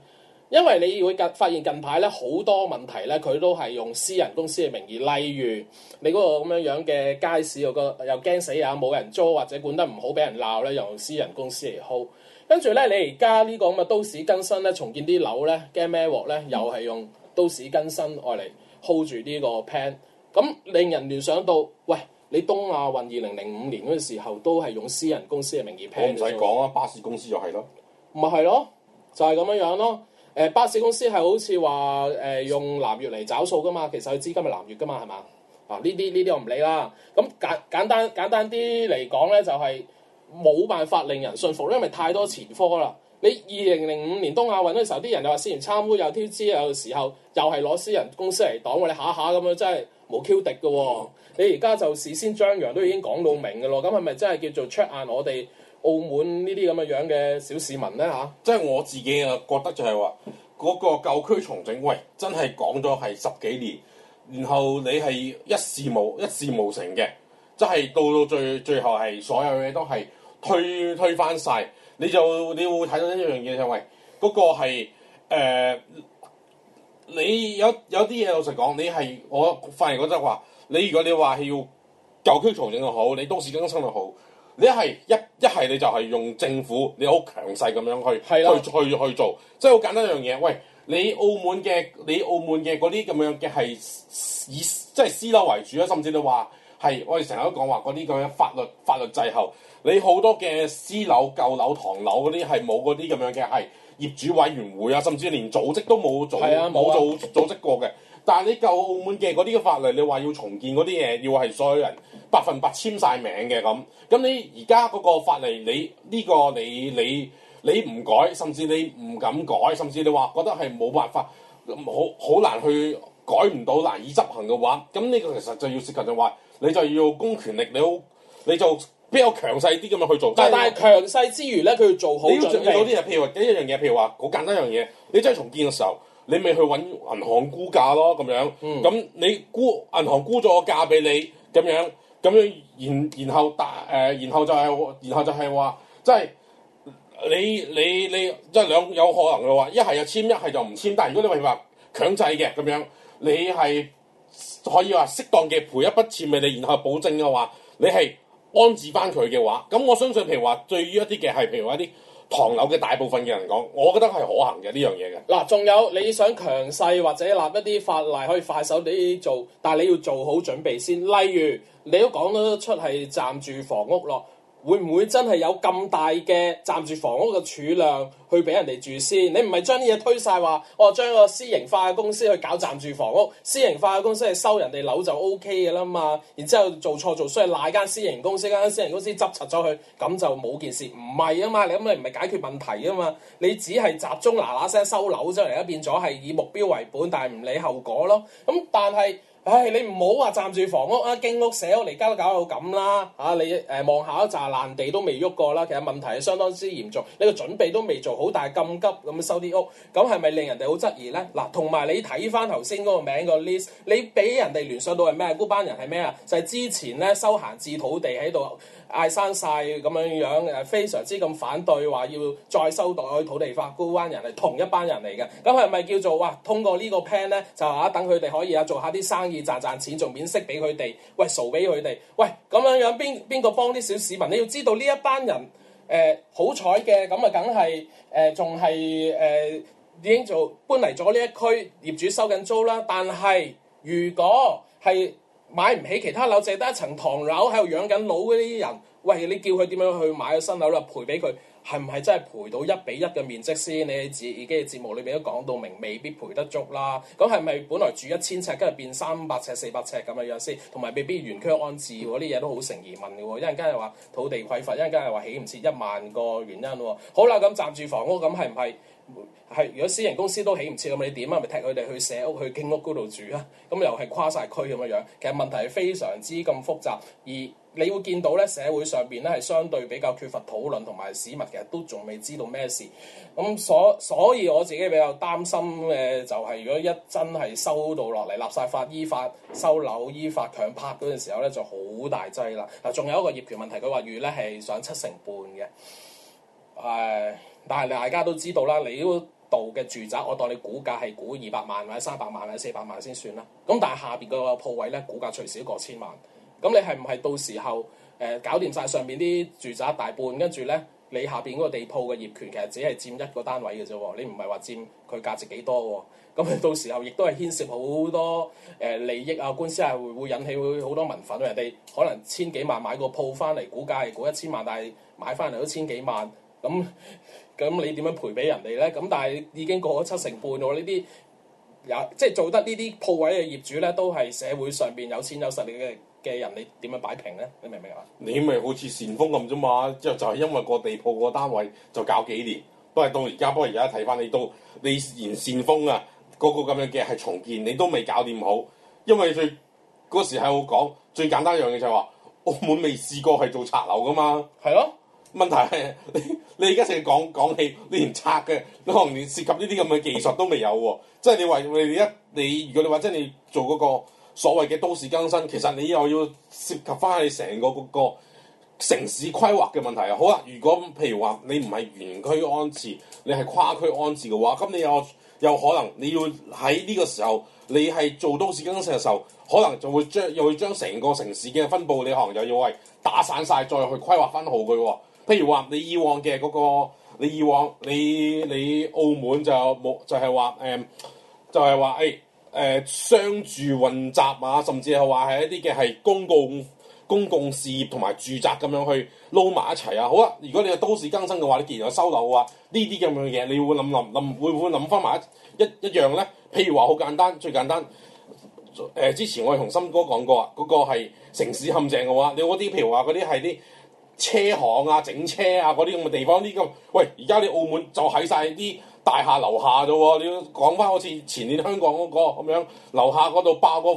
因為你會近發現近排咧好多問題咧，佢都係用私人公司嘅名義，例如你嗰個咁樣樣嘅街市又又驚死啊，冇人租或者管得唔好俾人鬧咧，又用私人公司嚟 hold。跟住咧，你而家呢個咁嘅都市更新咧，重建啲樓咧，驚咩鑊咧？又係用都市更新愛嚟 hold 住呢個 plan，咁令人聯想到，喂。你東亞運二零零五年嗰陣時候，都係用私人公司嘅名義 plan 唔使講啊！巴士公司就係咯，咪係咯，就係咁樣樣咯。誒，巴士公司係好似話誒，用南越嚟找數噶嘛，其實佢資金係南越噶嘛，係嘛？啊，呢啲呢啲我唔理啦。咁、啊、簡簡單簡單啲嚟講咧，就係、是、冇辦法令人信服，因為太多前科啦。你二零零五年東亞運嗰時候，啲人又話私人參污，又挑戰，有時候又係攞私人公司嚟擋我哋下下咁樣，真係冇 q 敵嘅喎。你而家就事先張揚，都已經講到明嘅咯。咁係咪真係叫做 check 眼我哋澳門呢啲咁嘅樣嘅小市民咧？吓，即係我自己啊，覺得就係話嗰個舊區重整，喂，真係講咗係十幾年，然後你係一事無一事無成嘅，即係到到最最後係所有嘢都係推推翻曬。你就你會睇到一樣嘢就係喂，嗰、嗰個係、呃、你有有啲嘢老實講，你係我反而覺得話。你如果你話係要舊區重整又好，你都市更新又好，你一係一一係你就係用政府你好強勢咁樣去的去去去做，即係好簡單一樣嘢。喂，你澳門嘅你澳門嘅嗰啲咁樣嘅係以即係私樓為主啊，甚至你話係我哋成日都講話嗰啲咁樣法律法律滯後，你好多嘅私樓舊樓唐樓嗰啲係冇嗰啲咁樣嘅係業主委員會啊，甚至連組織都冇組冇組、啊、組織過嘅。但係你舊澳門嘅嗰啲嘅法例，你話要重建嗰啲嘢，要係所有人百分百簽晒名嘅咁。咁你而家嗰個法例，你呢、這個你你你唔改，甚至你唔敢改，甚至你話覺得係冇辦法，好好難去改唔到，難以執行嘅話，咁呢個其實就要涉及就話，你就要公權力，你好，你就比較強勢啲咁樣去做。但係強勢之餘咧，佢要做好準備。你要做到啲嘢，譬如話對一一樣嘢，譬如話好簡單一樣嘢，你真係重建嘅時候。你咪去揾銀行估價咯，咁樣，咁、嗯、你估銀行估咗個價俾你，咁樣，咁樣，然然後大誒、呃，然後就係、是，然後就係話，即、就、係、是、你你你即係兩有可能嘅話，一係就簽，一係就唔簽。但係如果你話強制嘅咁樣，你係可以話適當嘅賠一筆錢俾你，然後保證嘅話，你係安置翻佢嘅話，咁我相信譬如話，對於一啲嘅係譬如話一啲。唐樓嘅大部分嘅人講，我覺得係可行嘅呢樣嘢嘅。嗱，仲有你想強勢或者立一啲法例可以快手啲做，但你要做好準備先。例如，你都講得出係暫住房屋咯。會唔會真係有咁大嘅暫住房屋嘅儲量去俾人哋住先？你唔係將啲嘢推晒話，我將、哦、個私營化嘅公司去搞暫住房屋，私營化嘅公司係收人哋樓就 O K 嘅啦嘛。然之後做錯做衰賴間私營公司，間私營公司執齊咗佢，咁就冇件事，唔係啊嘛。你咁你唔係解決問題啊嘛？你只係集中嗱嗱聲收樓出嚟，而家變咗係以目標為本，但係唔理後果咯。咁但係。唉，你唔好話暫住房屋啊，經屋社屋我哋而家都搞到咁啦，嚇、啊、你誒、呃、望下一紮爛地都未喐過啦，其實問題係相當之嚴重，你個準備都未做好，但係咁急咁收啲屋，咁係咪令人哋好質疑咧？嗱、啊，同埋你睇翻頭先嗰個名、個 list，你俾人哋聯想到係咩？嗰班人係咩啊？就係、是、之前咧收閒置土地喺度。嗌生晒，咁樣樣誒，非常之咁反對話要再收落去土地法，孤灣人係同一班人嚟嘅。咁係咪叫做哇？通過個呢個 plan 咧，就嚇、啊、等佢哋可以啊做一下啲生意，賺賺錢，做免息俾佢哋，喂，熟俾佢哋，喂，咁樣樣邊邊個幫啲小市民？你要知道呢一班人誒好彩嘅，咁啊梗係誒仲係誒已經做搬嚟咗呢一區，業主收緊租啦。但係如果係，買唔起其他樓，剩得一層唐樓喺度養緊老嗰啲人，喂你叫佢點樣去買新樓啦？賠俾佢。係唔係真係賠到一比一嘅面積先？你自己嘅節目裏面都講到明，未必賠得足啦。咁係咪本來住一千尺，跟住變三百尺、四百尺咁嘅樣先？同埋未必原區安置嗰啲嘢都好成疑問嘅喎。一陣間又話土地匱乏，一陣間又話起唔切一萬個原因喎。好啦，咁暫住房屋咁係唔係？係，如果私人公司都起唔切咁，你點啊？咪踢佢哋去社屋、去經屋嗰度住啊？咁又係跨晒區咁嘅樣。其實問題係非常之咁複雜而。你會見到咧，社會上邊咧係相對比較缺乏討論，同埋市民嘅，都仲未知道咩事。咁所以所以我自己比較擔心嘅就係、是、如果一真係收到落嚟，立晒法，依法收樓，依法強拍嗰陣時候咧，就好大劑啦。嗱，仲有一個業權問題，佢話預咧係上七成半嘅。誒、呃，但係大家都知道啦，你嗰度嘅住宅，我當你估價係估二百萬或者三百萬或者四百萬先算啦。咁但係下邊個鋪位咧，估價隨時過千萬。咁你係唔係到時候誒搞掂晒上面啲住宅大半，跟住咧你下邊嗰個地鋪嘅業權其實只係佔一個單位嘅啫喎，你唔係話佔佢價值幾多喎？咁你到時候亦都係牽涉好多誒、呃、利益啊官司啊，會引起好多民憤，人哋可能千幾萬買個鋪翻嚟，估價係估一千萬，但係買翻嚟都千幾萬，咁咁你點樣賠俾人哋咧？咁但係已經過咗七成半咗，呢啲有即係做得呢啲鋪位嘅業主咧，都係社會上邊有錢有實力嘅。嘅人你點樣擺平咧？你明唔明啊？你咪好似善豐咁啫嘛，之後就係、是、因為個地鋪個單位就搞幾年，都係到而家，不過而家睇翻你到你善，你連善豐啊，個個咁樣嘅係重建，你都未搞掂好。因為佢嗰時係我講最簡單一樣嘢就係、是、話，澳門未試過係做拆樓噶嘛。係咯的，問題係你你而家成日講講起你連拆嘅，你可能連涉及呢啲咁嘅技術都未有喎。即係 (laughs) 你話你一你如果你話即係你做嗰、那個。所謂嘅都市更新，其實你又要涉及翻係成個嗰個城市規劃嘅問題啊！好啦，如果譬如話你唔係原區安置，你係跨區安置嘅話，咁你又有，有可能你要喺呢個時候，你係做都市更新嘅時候，可能就會將又會將成個城市嘅分布，你可能又要喂打散晒，再去規劃分好佢喎。譬如話你以往嘅嗰個，你以往你你澳門就冇，就係話誒，就係話誒。哎誒、呃、商住混雜啊，甚至係話係一啲嘅係公共公共事業同埋住宅咁樣去撈埋一齊啊！好啊，如果你係都市更新嘅話，你既然有收樓啊呢啲咁樣嘅嘢，你會諗諗諗會唔會諗翻埋一一一樣咧？譬如話好簡單，最簡單誒、呃，之前我同森哥講過啊，嗰、嗰個係城市陷阱嘅話，你嗰啲譬如話嗰啲係啲車行啊、整車啊嗰啲咁嘅地方，呢個喂而家你澳門就喺晒啲。大廈樓下啫喎，你要講翻好似前年香港嗰個咁樣，樓下嗰度爆個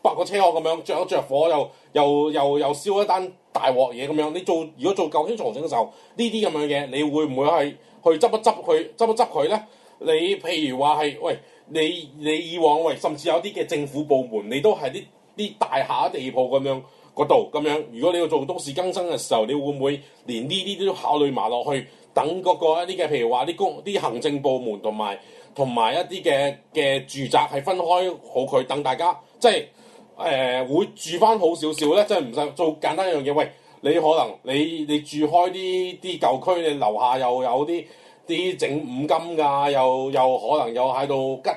爆個車殼咁樣，着一着火又又又又燒一單大鑊嘢咁樣。你做如果做舊區重整嘅時候，呢啲咁樣嘢，你會唔會係去執一執佢，執一執佢咧？你譬如話係喂，你你以往喂，甚至有啲嘅政府部門，你都係啲啲大廈地鋪咁樣嗰度咁樣。如果你要做都市更新嘅時候，你會唔會連呢啲都要考慮埋落去？等嗰個一啲嘅，譬如話啲公啲行政部門同埋同埋一啲嘅嘅住宅係分開好佢，等大家即係誒、呃、會住翻好少少咧，即係唔使做簡單一樣嘢。喂，你可能你你住開呢啲舊區，你樓下又有啲啲整五金㗎，又又可能又喺度吉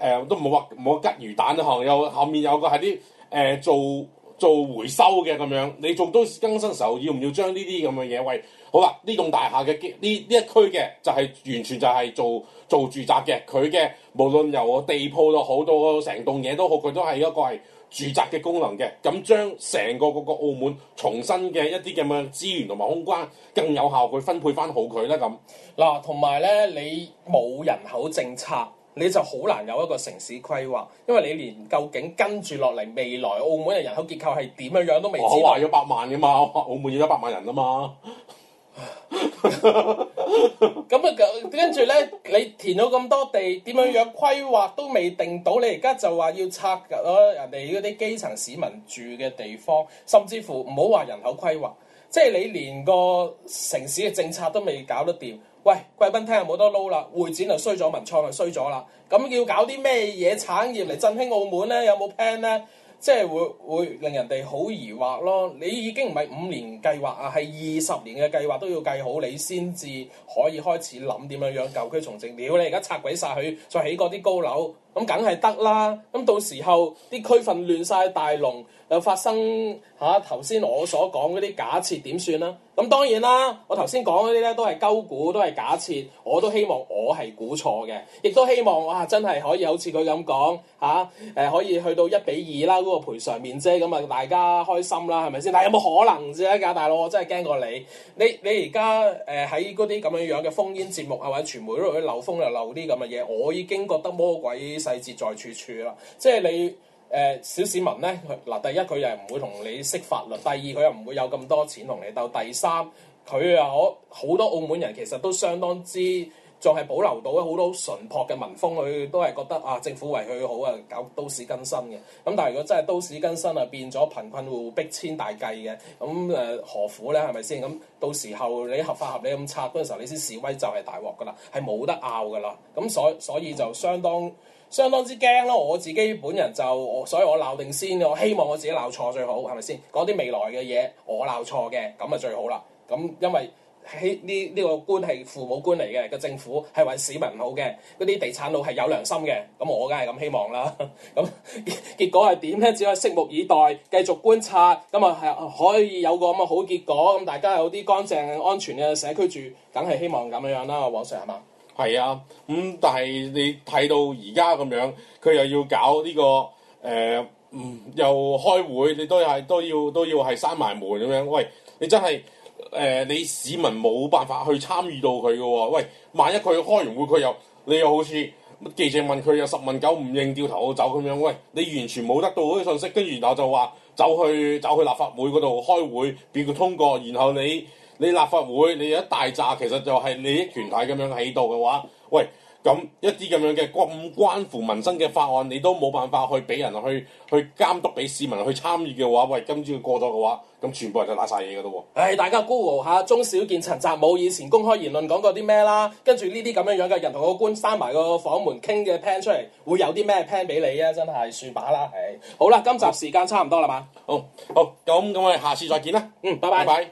誒，都冇話冇吉魚蛋行，可能又後面有個係啲誒做做回收嘅咁樣，你做到更新時候，要唔要將呢啲咁嘅嘢喂？好啦、啊，呢棟大廈嘅呢呢一區嘅就係、是、完全就係做做住宅嘅，佢嘅無論由我地鋪到好到成棟嘢都好，佢都係一個係住宅嘅功能嘅。咁將成個嗰、這個澳門重新嘅一啲嘅資源同埋空間更有效去分配翻好佢啦。咁。嗱、啊，同埋咧，你冇人口政策，你就好難有一個城市規劃，因為你連究竟跟住落嚟未來澳門嘅人口結構係點樣樣都未知道。我話要百萬嘅嘛，澳門要一百萬人啊嘛。咁啊，跟住咧，你填咗咁多地，點樣樣規劃都未定到，你而家就話要拆咗人哋嗰啲基層市民住嘅地方，甚至乎唔好話人口規劃，即係你連個城市嘅政策都未搞得掂。喂，貴賓廳又冇得撈啦，會展就衰咗，文創就衰咗啦，咁要搞啲咩嘢產業嚟振興澳門咧？有冇 plan 咧？即係會會令人哋好疑惑咯，你已經唔係五年計劃啊，係二十年嘅計劃都要計好，你先至可以開始諗點樣樣舊區重整，了，你而家拆鬼晒佢，再起嗰啲高樓。咁梗係得啦，咁到時候啲區份亂晒大龍，又發生嚇頭先我所講嗰啲假設點算啦？咁當然啦，我頭先講嗰啲咧都係勾估，都係假設，我都希望我係估錯嘅，亦都希望哇、啊、真係可以好似佢咁講嚇，誒、啊啊、可以去到一比二啦嗰、那個賠償面啫，咁啊大家開心啦，係咪先？但有冇可能啫？噶大佬，我真係驚過你，你你而家誒喺嗰啲咁樣樣嘅烽煙節目啊，或者傳媒嗰度漏風又漏啲咁嘅嘢，我已經覺得魔鬼。細節在處處啦，即係你誒、呃，小市民咧嗱，第一佢又唔會同你識法律，第二佢又唔會有咁多錢同你鬥，第三佢又我好多澳門人其實都相當之仲係保留到好多淳樸嘅民風，佢都係覺得啊，政府為佢好啊，搞都市更新嘅。咁但係如果真係都市更新啊，變咗貧困戶逼遷大計嘅，咁誒、呃、何苦咧？係咪先？咁到時候你合法合理咁拆嗰陣時候，你先示威就係大鑊噶啦，係冇得拗噶啦。咁所以所以就相當。相當之驚咯！我自己本人就我，所以我鬧定先我希望我自己鬧錯最好，係咪先？講啲未來嘅嘢，我鬧錯嘅咁啊最好啦。咁因為呢呢、呢個官係父母官嚟嘅，個政府係為市民好嘅，嗰啲地產佬係有良心嘅。咁我梗係咁希望啦。咁結，結果係點咧？只可以拭目以待，繼續觀察。咁啊係可以有個咁啊好結果。咁大家有啲乾淨、安全嘅社區住，梗係希望咁樣樣啦。黃 Sir，係咪？係啊，咁、嗯、但係你睇到而家咁樣，佢又要搞呢、呢個誒、呃，嗯，又開會，你都係都要都要係閂埋門咁樣。喂，你真係誒、呃，你市民冇辦法去參與到佢嘅喎。喂，萬一佢開完會，佢又你又好似記者問佢又十問九唔應，掉頭走咁樣。喂，你完全冇得到嗰啲信息，跟住然後就話走去走去立法會嗰度開會，俾佢通過，然後你。你立法會你有一大紮，其實就係你啲團體咁樣喺度嘅話，喂，咁一啲咁樣嘅咁關乎民生嘅法案，你都冇辦法去俾人去去監督，俾市民去參與嘅話，喂，今朝過咗嘅話，咁全部人就打晒嘢噶咯喎。唉、哎，大家 google 下中小建陳澤武以前公開言論講過啲咩啦？跟住呢啲咁樣樣嘅人同個官閂埋個房門傾嘅 plan 出嚟，會有啲咩 plan 俾你啊？真係算把啦，係。好啦，今集時間差唔多啦嘛好吧。好，好，咁咁我哋下次再見啦。嗯，拜拜。